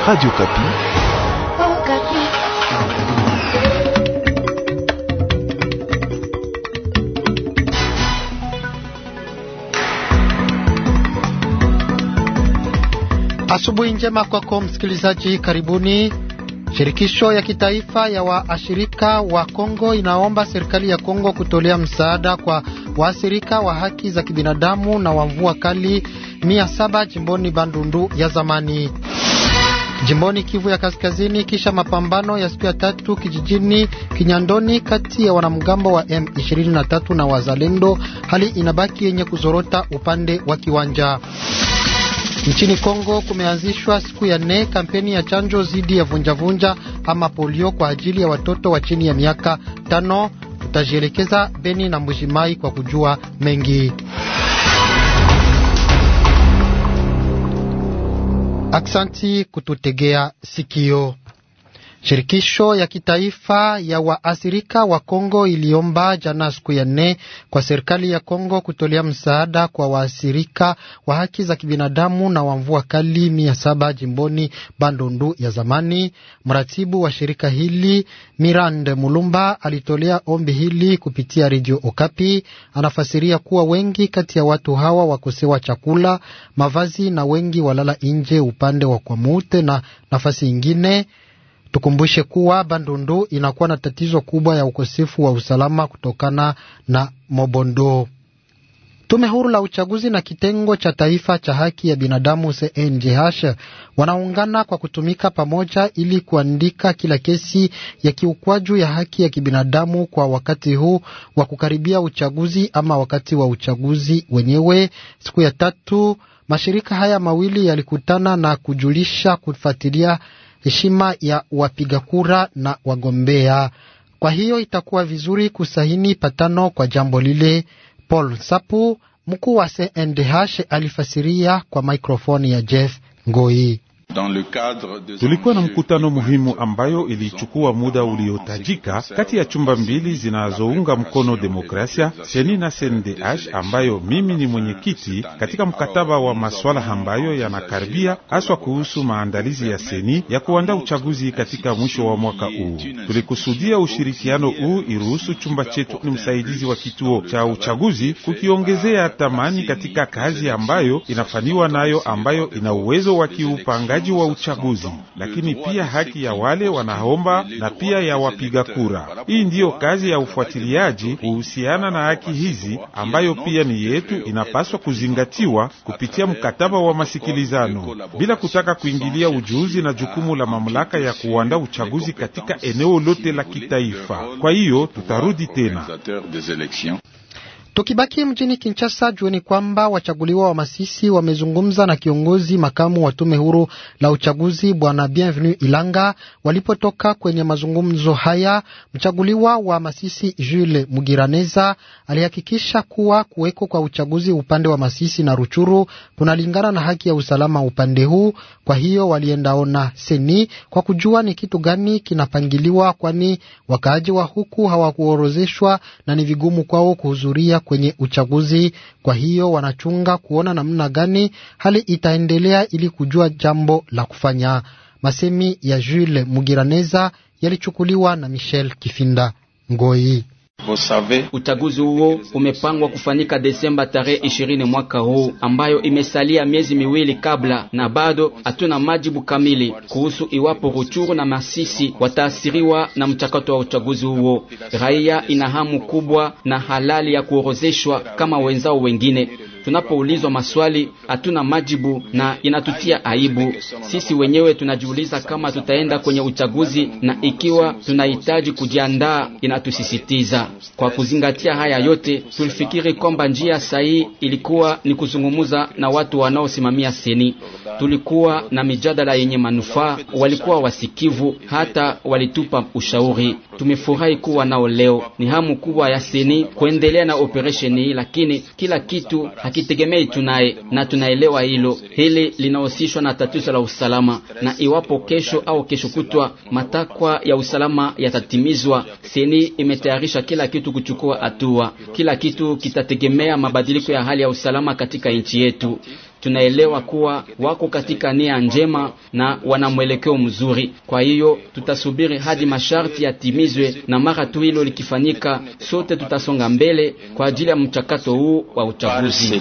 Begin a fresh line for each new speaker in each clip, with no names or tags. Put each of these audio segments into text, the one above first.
Radio Kapi.
Oh, Kapi.
Asubuhi njema kwako msikilizaji, karibuni. Shirikisho ya kitaifa ya waashirika wa Kongo inaomba serikali ya Kongo kutolea msaada kwa waathirika wa haki za kibinadamu na wa mvua kali mia saba jimboni Bandundu ya zamani jimboni Kivu ya Kaskazini, kisha mapambano ya siku ya tatu kijijini Kinyandoni kati ya wanamgambo wa M23 na wazalendo, hali inabaki yenye kuzorota upande wa kiwanja. Nchini Kongo kumeanzishwa siku ya nne kampeni ya chanjo dhidi ya vunjavunja ama polio kwa ajili ya watoto wa chini ya miaka tano. Tutajielekeza Beni na Mbujimai kwa kujua mengi. Aksanti kututegea sikio. Shirikisho ya kitaifa ya waathirika wa Kongo iliomba jana siku ya nne kwa serikali ya Kongo kutolea msaada kwa waathirika wa haki za kibinadamu na wa mvua kali mia saba jimboni Bandundu ya zamani. Mratibu wa shirika hili Mirande Mulumba alitolea ombi hili kupitia redio Okapi. Anafasiria kuwa wengi kati ya watu hawa wakosewa chakula, mavazi na wengi walala nje upande wa Kwamute na nafasi ingine Tukumbushe kuwa Bandundu inakuwa na tatizo kubwa ya ukosefu wa usalama kutokana na Mobondo. Tume huru la uchaguzi na kitengo cha taifa cha haki ya binadamu CNJH wanaungana kwa kutumika pamoja ili kuandika kila kesi ya kiukwaju ya haki ya kibinadamu kwa wakati huu wa kukaribia uchaguzi ama wakati wa uchaguzi wenyewe. Siku ya tatu, mashirika haya mawili yalikutana na kujulisha kufuatilia heshima ya wapiga kura na wagombea. Kwa hiyo itakuwa vizuri kusahini patano kwa jambo lile. Paul sapu mkuu wa CNDH, alifasiria kwa mikrofoni ya Jeff Ngoi.
Tulikuwa na mkutano muhimu ambayo ilichukua muda uliotajika kati ya chumba mbili zinazounga mkono demokrasia seni na CNDH, ambayo mimi ni mwenyekiti katika mkataba wa masuala ambayo yanakaribia haswa kuhusu maandalizi ya seni ya kuandaa uchaguzi katika mwisho wa mwaka huu. Tulikusudia ushirikiano huu iruhusu chumba chetu ni msaidizi wa kituo cha uchaguzi kukiongezea thamani katika kazi ambayo inafaniwa nayo, ambayo ina uwezo wa kiupangaji utendaji wa uchaguzi, lakini pia haki ya wale wanaomba na pia ya wapiga kura. Hii ndiyo kazi ya ufuatiliaji kuhusiana na haki hizi ambayo pia ni yetu, inapaswa kuzingatiwa kupitia mkataba wa masikilizano, bila kutaka kuingilia ujuzi na jukumu la mamlaka ya kuandaa uchaguzi katika eneo lote la kitaifa. Kwa hiyo tutarudi tena.
Tukibaki mjini Kinshasa, jueni kwamba wachaguliwa wa Masisi wamezungumza na kiongozi makamu wa tume huru la uchaguzi Bwana Bienvenu Ilanga. Walipotoka kwenye mazungumzo haya, mchaguliwa wa Masisi Jules Mugiraneza alihakikisha kuwa kuweko kwa uchaguzi upande wa Masisi na Ruchuru kunalingana na haki ya usalama upande huu. Kwa hiyo waliendaona seni kwa kujua ni kitu gani kinapangiliwa, kwani wakaaji wa huku hawakuorozeshwa na ni vigumu kwao kuhudhuria kwenye uchaguzi. Kwa hiyo wanachunga kuona namna gani hali itaendelea ili kujua jambo la kufanya. Masemi ya Jules Mugiraneza yalichukuliwa na Michel Kifinda Ngoi.
Uchaguzi huo umepangwa kufanyika Desemba tarehe ishirini mwaka huu, ambayo imesalia miezi miwili kabla, na bado hatuna majibu kamili kuhusu iwapo Ruchuru na Masisi wataasiriwa na mchakato wa uchaguzi huo. Raia ina hamu kubwa na halali ya kuorozeshwa kama wenzao wengine. Tunapoulizwa maswali hatuna majibu na inatutia aibu. Sisi wenyewe tunajiuliza kama tutaenda kwenye uchaguzi na ikiwa tunahitaji kujiandaa, inatusisitiza. Kwa kuzingatia haya yote, tulifikiri kwamba njia sahihi ilikuwa ni kuzungumza na watu wanaosimamia seni. Tulikuwa na mijadala yenye manufaa, walikuwa wasikivu, hata walitupa ushauri. Tumefurahi kuwa nao leo, ni hamu kubwa ya seni kuendelea na operesheni, lakini kila kitu hakitegemei tunaye, na tunaelewa hilo. Hili linahusishwa na tatizo la usalama, na iwapo kesho au kesho kutwa matakwa ya usalama yatatimizwa, seni imetayarisha kila kitu kuchukua hatua. Kila kitu kitategemea mabadiliko ya hali ya usalama katika nchi yetu tunaelewa kuwa wako katika nia njema na wana mwelekeo mzuri. Kwa hiyo tutasubiri hadi masharti yatimizwe, na mara tu hilo likifanyika, sote tutasonga mbele kwa ajili ya mchakato huu wa uchaguzi.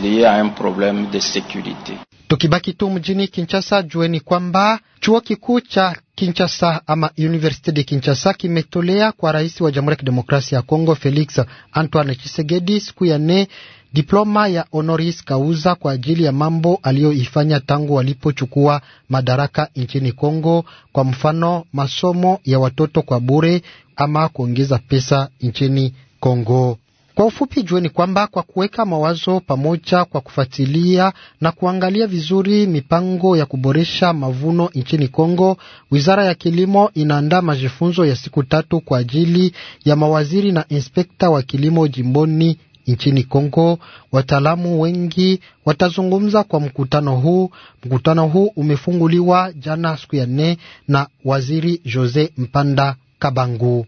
Tukibaki tu mjini Kinshasa, jueni kwamba chuo kikuu cha Kinshasa ama Universite de Kinshasa kimetolea kwa rais wa Jamhuri ya Kidemokrasia ya Kongo Felix Antoine Tshisekedi siku ya nne diploma ya honoris causa kwa ajili ya mambo aliyoifanya tangu walipochukua madaraka nchini Kongo, kwa mfano masomo ya watoto kwa bure ama kuongeza pesa nchini Kongo. Kwa ufupi jueni kwamba kwa kuweka mawazo pamoja, kwa kufuatilia na kuangalia vizuri mipango ya kuboresha mavuno nchini Kongo, Wizara ya Kilimo inaandaa majifunzo ya siku tatu kwa ajili ya mawaziri na inspekta wa kilimo jimboni nchini Kongo. Wataalamu wengi watazungumza kwa mkutano huu. Mkutano huu umefunguliwa jana siku ya nne na Waziri Jose Mpanda Kabangu.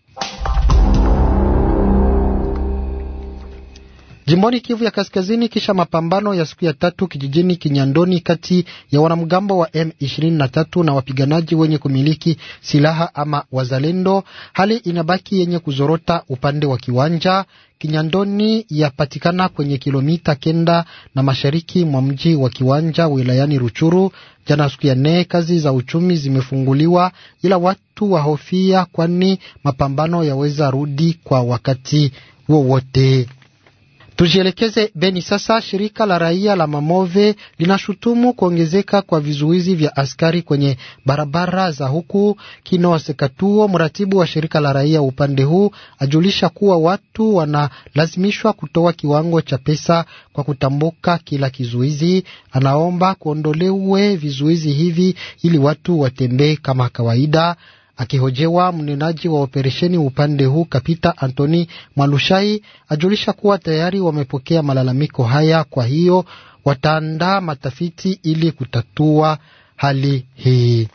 jimboni Kivu ya Kaskazini, kisha mapambano ya siku ya tatu kijijini Kinyandoni kati ya wanamgambo wa M23 na wapiganaji wenye kumiliki silaha ama wazalendo, hali inabaki yenye kuzorota upande wa kiwanja Kinyandoni yapatikana kwenye kilomita kenda na mashariki mwa mji wa Kiwanja wilayani Ruchuru. Jana siku ya nne, kazi za uchumi zimefunguliwa, ila watu wahofia, kwani mapambano yaweza rudi kwa wakati wowote. Tujielekeze Beni sasa. Shirika la raia la Mamove linashutumu kuongezeka kwa vizuizi vya askari kwenye barabara za huku. Kinose Katuo, mratibu wa shirika la raia upande huu, ajulisha kuwa watu wanalazimishwa kutoa kiwango cha pesa kwa kutambuka kila kizuizi. Anaomba kuondolewe vizuizi hivi ili watu watembee kama kawaida. Akihojewa, mnenaji wa operesheni upande huu Kapita Antoni Mwalushai ajulisha kuwa tayari wamepokea malalamiko haya, kwa hiyo wataandaa matafiti ili kutatua hali hii.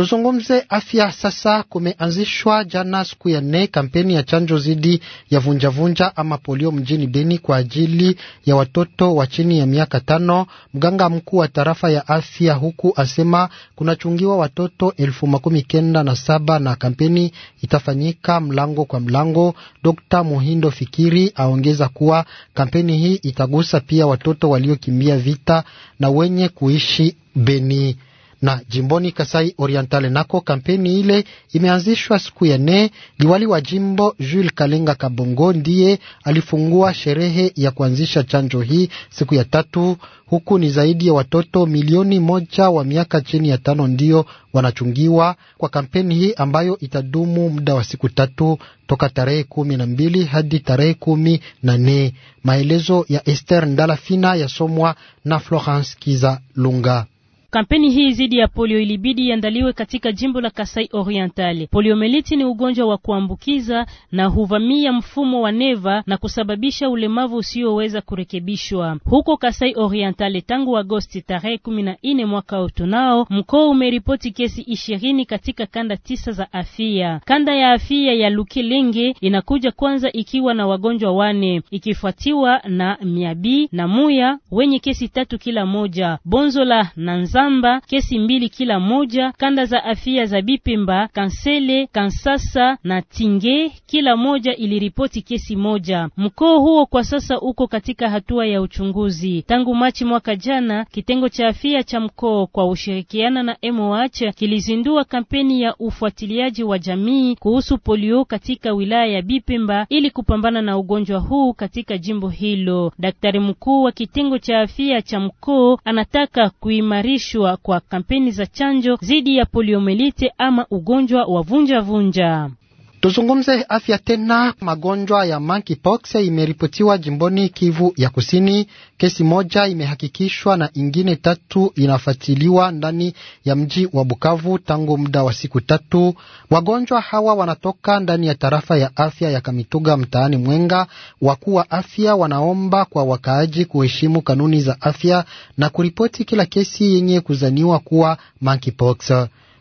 Tuzungumze afya sasa. Kumeanzishwa jana siku ya nne kampeni ya chanjo dhidi ya vunjavunja vunja ama polio mjini Beni kwa ajili ya watoto wa chini ya miaka tano. Mganga mkuu wa tarafa ya afya huku asema kunachungiwa watoto elfu makumi kenda na saba na kampeni itafanyika mlango kwa mlango. Dr Muhindo Fikiri aongeza kuwa kampeni hii itagusa pia watoto waliokimbia vita na wenye kuishi Beni. Na jimboni Kasai Oriental nako kampeni ile imeanzishwa siku ya nne. Liwali wa jimbo Jules Kalenga Kabongo ndiye alifungua sherehe ya kuanzisha chanjo hii siku ya tatu, huku ni zaidi ya watoto milioni moja wa miaka chini ya tano ndio wanachungiwa kwa kampeni hii ambayo itadumu muda wa siku tatu toka tarehe kumi na mbili hadi tarehe kumi na nne. Maelezo ya Esther Ndalafina yasomwa na Florence Kiza Lunga.
Kampeni hii dhidi ya polio ilibidi iandaliwe katika jimbo la Kasai orientali Poliomeliti ni ugonjwa wa kuambukiza na huvamia mfumo wa neva na kusababisha ulemavu usioweza kurekebishwa. Huko Kasai orientali tangu Agosti tarehe kumi na nne mwaka utunao, mkoa umeripoti kesi ishirini katika kanda tisa za afia. Kanda ya afia ya Lukilingi inakuja kwanza ikiwa na wagonjwa wane, ikifuatiwa na Miabi na Muya wenye kesi tatu kila moja, Bonzola na Nza Pamba, kesi mbili kila moja, kanda za afya za Bipemba, Kansele, Kansasa na Tinge kila moja iliripoti kesi moja. Mkoa huo kwa sasa uko katika hatua ya uchunguzi. Tangu Machi mwaka jana, kitengo cha afya cha mkoa kwa ushirikiana na MOH kilizindua kampeni ya ufuatiliaji wa jamii kuhusu polio katika wilaya ya Bipemba ili kupambana na ugonjwa huu katika jimbo hilo. Daktari mkuu wa kitengo cha afya cha mkoa anataka kuimarisha kuanzishwa kwa kampeni za chanjo dhidi ya poliomelite ama ugonjwa wa vunjavunja vunja. Tuzungumze
afya tena. Magonjwa ya monkeypox imeripotiwa jimboni Kivu ya Kusini, kesi moja imehakikishwa na ingine tatu inafuatiliwa ndani ya mji wa Bukavu tangu muda wa siku tatu. Wagonjwa hawa wanatoka ndani ya tarafa ya afya ya Kamituga mtaani Mwenga. Wakuu wa afya wanaomba kwa wakaaji kuheshimu kanuni za afya na kuripoti kila kesi yenye kuzaniwa kuwa monkeypox.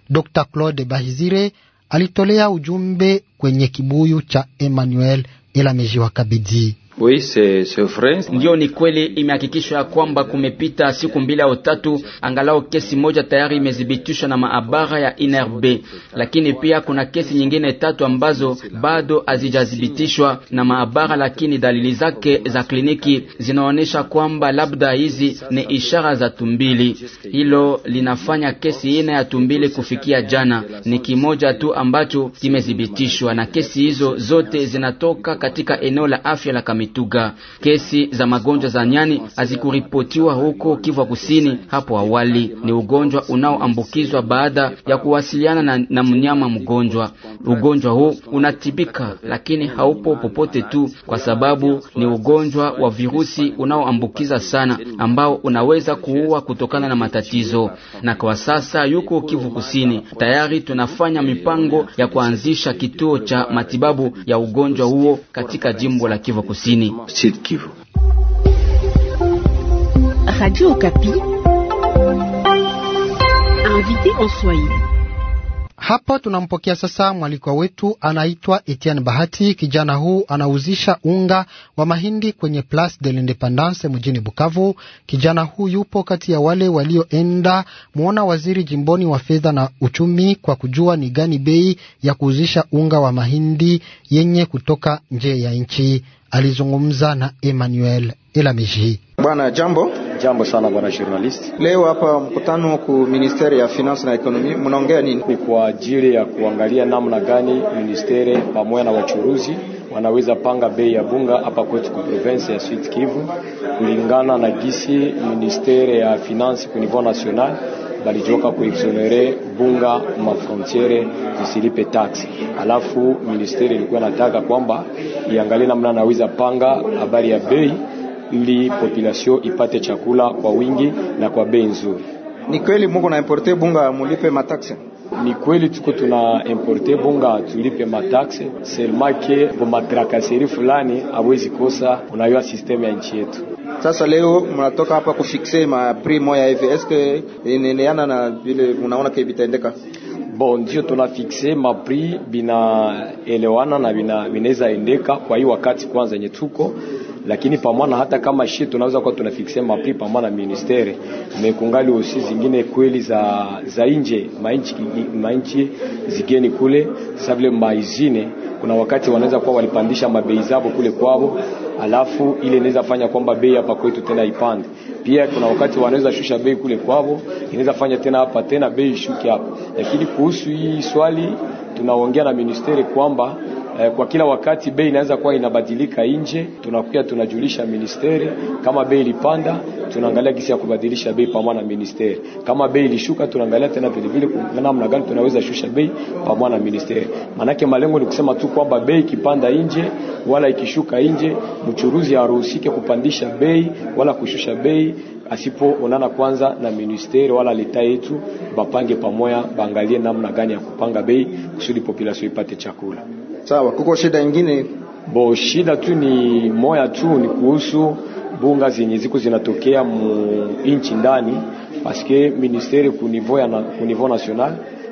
Dr Claude Bahizire alitolea ujumbe kwenye kibuyu cha Emmanuel ila kabidi
Oui, c'est vrai. Ndio, ni kweli, imehakikishwa ya kwamba kumepita siku mbili au tatu, angalau kesi moja tayari imethibitishwa na maabara ya INRB, lakini pia kuna kesi nyingine tatu ambazo bado hazijathibitishwa na maabara, lakini dalili zake za kliniki zinaonyesha kwamba labda hizi ni ishara za tumbili. Hilo linafanya kesi ine ya tumbili kufikia jana ni kimoja tu ambacho kimethibitishwa, na kesi hizo zote zinatoka katika eneo la afya la Kamiti. Ituga. Kesi za magonjwa za nyani hazikuripotiwa huko Kivu Kusini hapo awali. Ni ugonjwa unaoambukizwa baada ya kuwasiliana na, na mnyama mgonjwa. Ugonjwa huu unatibika, lakini haupo popote tu, kwa sababu ni ugonjwa wa virusi unaoambukiza sana, ambao unaweza kuua kutokana na matatizo. Na kwa sasa yuko Kivu Kusini, tayari tunafanya mipango ya kuanzisha kituo cha matibabu ya ugonjwa huo katika jimbo la Kivu Kusini.
Radio Okapi, invité en Swahili. Hapa tunampokea sasa mwalikwa wetu, anaitwa Etienne Bahati. Kijana huu anauzisha unga wa mahindi kwenye Place de l'Independance mjini Bukavu. Kijana huu yupo kati ya wale walioenda mwona waziri jimboni wa fedha na uchumi kwa kujua ni gani bei ya kuuzisha unga wa mahindi yenye kutoka nje ya nchi. Alizungumza na Emmanuel Elamiji.
Bwana jambo. Jambo sana bwana journalist. Leo hapa mkutano ku ministeri ya finance na ekonomi mnaongea nini? Ni kwa ajili ya kuangalia namna gani ministeri pamoja na wachuruzi wanaweza panga bei ya bunga hapa kwetu ku province ya Sud Kivu kulingana na gisi ministeri ya finance ku niveau national balijoka kuexonere bunga mafrontiere zisilipe tax Alafu ministeri ilikuwa nataka kwamba iangalie namna anaweza panga habari ya bei ili population ipate chakula kwa wingi na kwa bei nzuri.
Ni kweli muko na importe bunga
mulipe mataxe? Ni kweli tuko tuna importe bunga tulipe mataxe, selma ke bomatrakaseri fulani awezi kosa, unayoa system ya nchi yetu. Sasa leo mnatoka hapa kufixe ma prix moya hivi, eske inaendana na vile unaona ke vitaendeka? Bon, ndio tunafikse mapri binaelewana na binaweza endeka kwa hii wakati kwanza yenye tuko lakini pamwana hata kama shi tunaweza kuwa tunafikisia mapri na ministeri mekungali usi zingine kweli za, za nje mainchi, mainchi zigeni kule savile maizine kuna wakati wanaweza kuwa walipandisha mabei zao kule kwao, alafu ile inaweza fanya kwamba bei hapa kwetu tena ipande. Pia kuna wakati wanaweza shusha bei kule kwao, inaweza fanya tena hapa tena bei ishuke hapa. Lakini kuhusu hii swali tunaongea na ministeri kwamba eh, kwa kila wakati bei inaweza kuwa inabadilika nje, tunakuja tunajulisha ministeri. Kama bei ilipanda, tunaangalia gisi ya kubadilisha bei pamoja na ministeri. Kama bei ilishuka, tunaangalia tena vile vile namna gani tunaweza shusha bei pamoja na ministeri. Manake malengo ni kusema tu kwamba bei ikipanda nje wala ikishuka nje, mchuruzi haruhusike kupandisha bei wala kushusha bei asipoonana kwanza na ministeri wala leta yetu, bapange pamoja, baangalie namna gani ya kupanga bei kusudi population ipate chakula. Sawa, kuko shida nyingine bo? Shida tu ni moya tu, ni kuhusu bunga zenye ziko zinatokea mu inchi ndani, paske ministeri kunivoya na kunivo national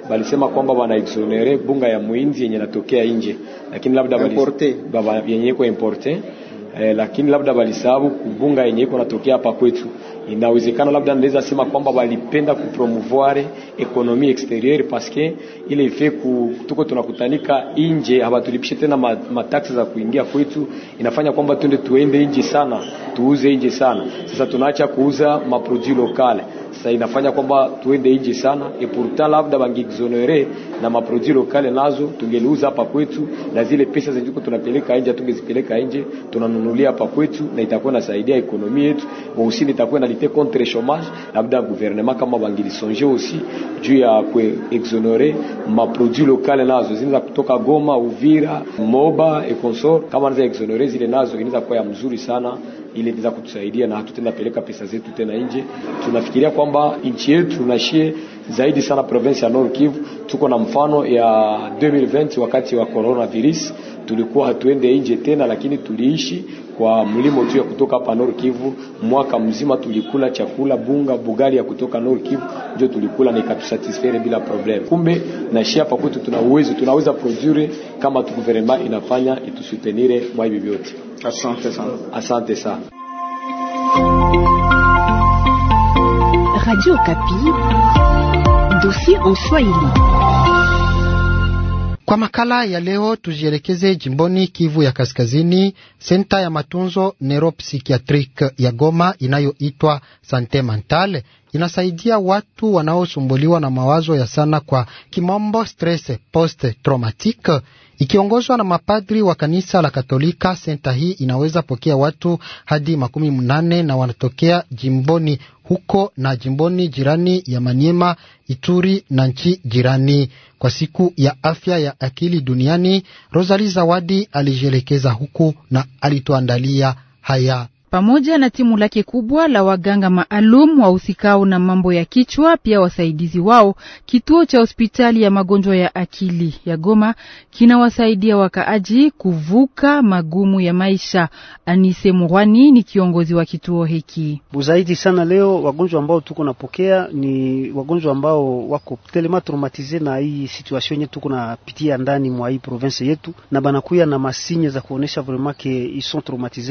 balisema kwamba exonere bunga ya muinzi yenye natokea nje, lakini labda importe baba yenye iko importe eh, lakini labda balisababu kubunga yenye iko natokea hapa kwetu inawezekana labda naweza sema kwamba walipenda kupromouvoir ekonomi exterieur paske ile ife tuko tunakutanika nje, hawatulipishe tena mataksi za kuingia kwetu, inafanya kwamba tuende tuende nje sana, tuuze nje sana. Sasa tunaacha kuuza maproduit locale, sasa inafanya kwamba tuende nje sana. et pourtant labda bangi bangeexonere na maproduit locale, nazo tungeliuza hapa kwetu, na zile pesa zilizokuwa tunapeleka nje tungezipeleka nje, tunanunulia hapa kwetu, na itakuwa nasaidia ekonomi yetu, wahusini itakuwa na mutualité contre le chômage, labda gouvernement kama bangilisonje aussi juu ya kuexonere maproduit lokale nazo zinaweza kutoka Goma, Uvira, Moba ekonsor, kama naza exonere zile nazo inaweza kuwa ya mzuri sana ile itaweza kutusaidia na hatutenda peleka pesa zetu tena nje. Tunafikiria kwamba nchi yetu nashie zaidi sana province ya North Kivu. Tuko na mfano ya 2020 wakati wa coronavirus tulikuwa hatuende nje tena, lakini tuliishi kwa mlimo tu ya kutoka hapa Nord Kivu. Mwaka mzima tulikula chakula bunga bugali ya kutoka Nord Kivu ndio tulikula na ikatusatisfere bila problem. Kumbe na shia hapa kwetu tuna uwezo, tunaweza produire kama tu inafanya itusutenire mwa hivi vyote. Asante sana. Asante sana.
Radio Kapi, dossier en Swahili. Kwa makala ya leo tujielekeze jimboni Kivu ya Kaskazini. Senta ya matunzo neuropsikiatrike ya Goma inayoitwa Sante Mentale inasaidia watu wanaosumbuliwa na mawazo ya sana, kwa kimombo stress post traumatique ikiongozwa na mapadri wa kanisa la Katolika. Senta hii inaweza pokea watu hadi makumi mnane na wanatokea jimboni huko na jimboni jirani ya Maniema, Ituri na nchi jirani. Kwa siku ya afya ya akili duniani, Rosali Zawadi alijielekeza huku na alituandalia haya pamoja na timu lake
kubwa la waganga maalum wahusikao na mambo ya kichwa, pia wasaidizi wao. Kituo cha hospitali ya magonjwa ya akili ya Goma kinawasaidia wakaaji kuvuka magumu ya maisha. Anise Murwani ni kiongozi wa kituo hiki.
uzaidi sana leo wagonjwa ambao tuko napokea ni wagonjwa ambao wako telema traumatize na hii situation yetu tuko napitia ndani mwa hii province yetu, na banakuya na masinye za kuonesha vraiment qu'ils sont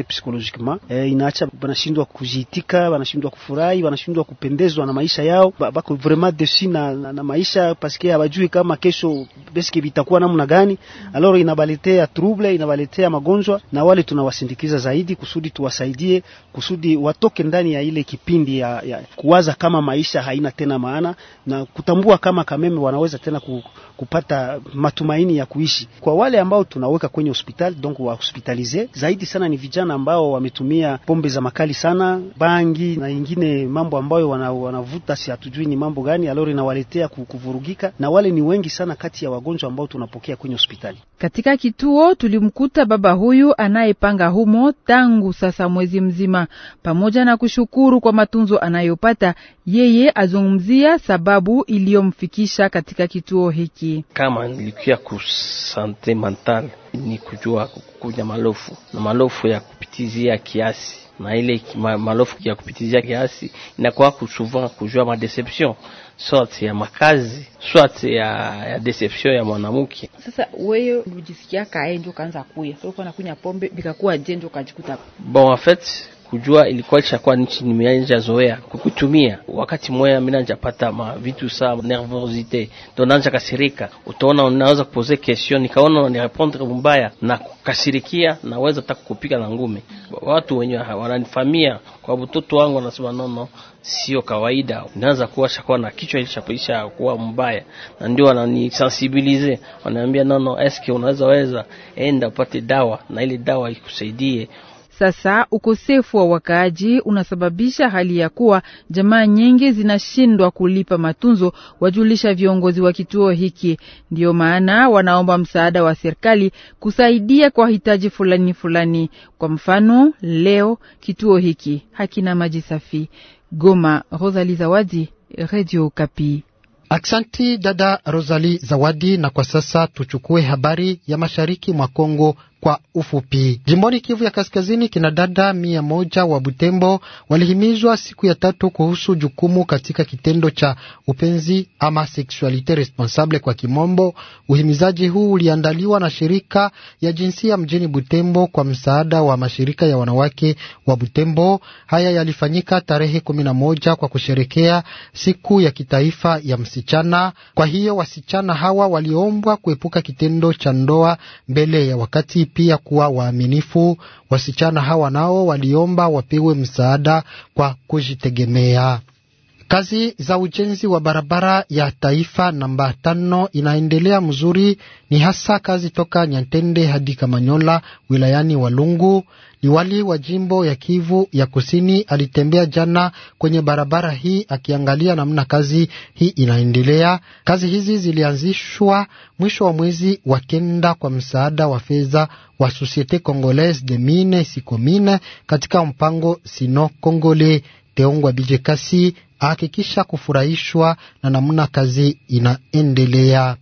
psychologiquement eh, inaacha banashindwa kujitika, banashindwa kufurahi, banashindwa kupendezwa na maisha yao, bako vraiment dessus na, na, na maisha paske hawajui kama kesho beske vitakuwa namna gani. Alors inabaletea trouble, inabaletea magonjwa, na wale tunawasindikiza zaidi kusudi tuwasaidie, kusudi watoke ndani ya ile kipindi ya, ya kuwaza kama maisha haina tena maana na kutambua kama kameme wanaweza tena ku, kupata matumaini ya kuishi. Kwa wale ambao tunaweka kwenye hospitali donc wa hospitalize zaidi sana ni vijana ambao wametumia pombe za makali sana, bangi na ingine mambo ambayo wanavuta, wana si hatujui ni mambo gani, alori inawaletea kuvurugika, na wale ni wengi sana kati ya wagonjwa ambao tunapokea kwenye hospitali.
Katika kituo tulimkuta baba huyu anayepanga humo tangu sasa mwezi mzima. Pamoja na kushukuru kwa matunzo anayopata, yeye azungumzia sababu iliyomfikisha
katika kituo hiki. Kama nilikuya kusante mental ni kujua kukunya malofu na malofu ya kupitizia kiasi na ile ma, malofu ya kupitizia kiasi inakuwa souvent kujua madeception soit ya makazi soit ya, ya deception ya mwanamke.
Sasa wewe ulijisikia kae kaanza kuya so, nakunya pombe bikakuwa je ndio kajikuta
bon en fait kujua ilikuwa lishakuwa nchi nimeanja zoea kukutumia. Wakati moya mimi pata ma vitu sa nervosite donanja kasirika, utaona unaweza kupoze question, nikaona ni répondre mbaya na kukasirikia, naweza hata kukupiga na ngume Watu wenyewe wananifamia kwa mtoto wangu wanasema nono, sio kawaida, naanza kuwa shakuwa na kichwa ilishapoisha kuwa mbaya, na ndio wananisensibilize, wananiambia nono, eske unaweza weza enda upate dawa na ile dawa ikusaidie
sasa ukosefu wa wakaaji unasababisha hali ya kuwa jamaa nyingi zinashindwa kulipa matunzo, wajulisha viongozi wa kituo hiki. Ndiyo maana wanaomba msaada wa serikali kusaidia kwa hitaji fulani fulani. Kwa mfano, leo kituo hiki hakina maji
safi. Goma, Rosali Zawadi, Radio Kapi. Aksanti dada rosali Zawadi. Na kwa sasa tuchukue habari ya mashariki mwa Kongo kwa ufupi. Jimboni Kivu ya Kaskazini, kina dada mia moja wa Butembo walihimizwa siku ya tatu kuhusu jukumu katika kitendo cha upenzi ama sexualite responsable kwa kimombo. Uhimizaji huu uliandaliwa na shirika ya jinsia mjini Butembo kwa msaada wa mashirika ya wanawake wa Butembo. Haya yalifanyika tarehe kumi na moja kwa kusherekea siku ya kitaifa ya msichana. Kwa hiyo wasichana hawa waliombwa kuepuka kitendo cha ndoa mbele ya wakati pia kuwa waaminifu. Wasichana hawa nao waliomba wapewe msaada kwa kujitegemea. Kazi za ujenzi wa barabara ya taifa namba tano inaendelea mzuri, ni hasa kazi toka Nyantende hadi Kamanyola wilayani Walungu. Liwali wa jimbo ya Kivu ya Kusini alitembea jana kwenye barabara hii akiangalia namna kazi hii inaendelea. Kazi hizi zilianzishwa mwisho wa mwezi wa kenda kwa msaada wa fedha wa Societe Congolaise de Mine Sikomine katika mpango Sino Congole Teongwa Bijekasi ahakikisha kufurahishwa na namna kazi inaendelea.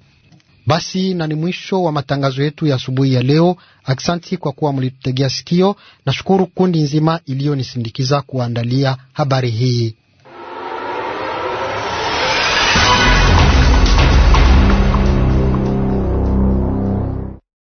Basi na ni mwisho wa matangazo yetu ya asubuhi ya leo. Aksanti kwa kuwa mlitutegea sikio. Nashukuru kundi nzima iliyonisindikiza kuandalia habari hii.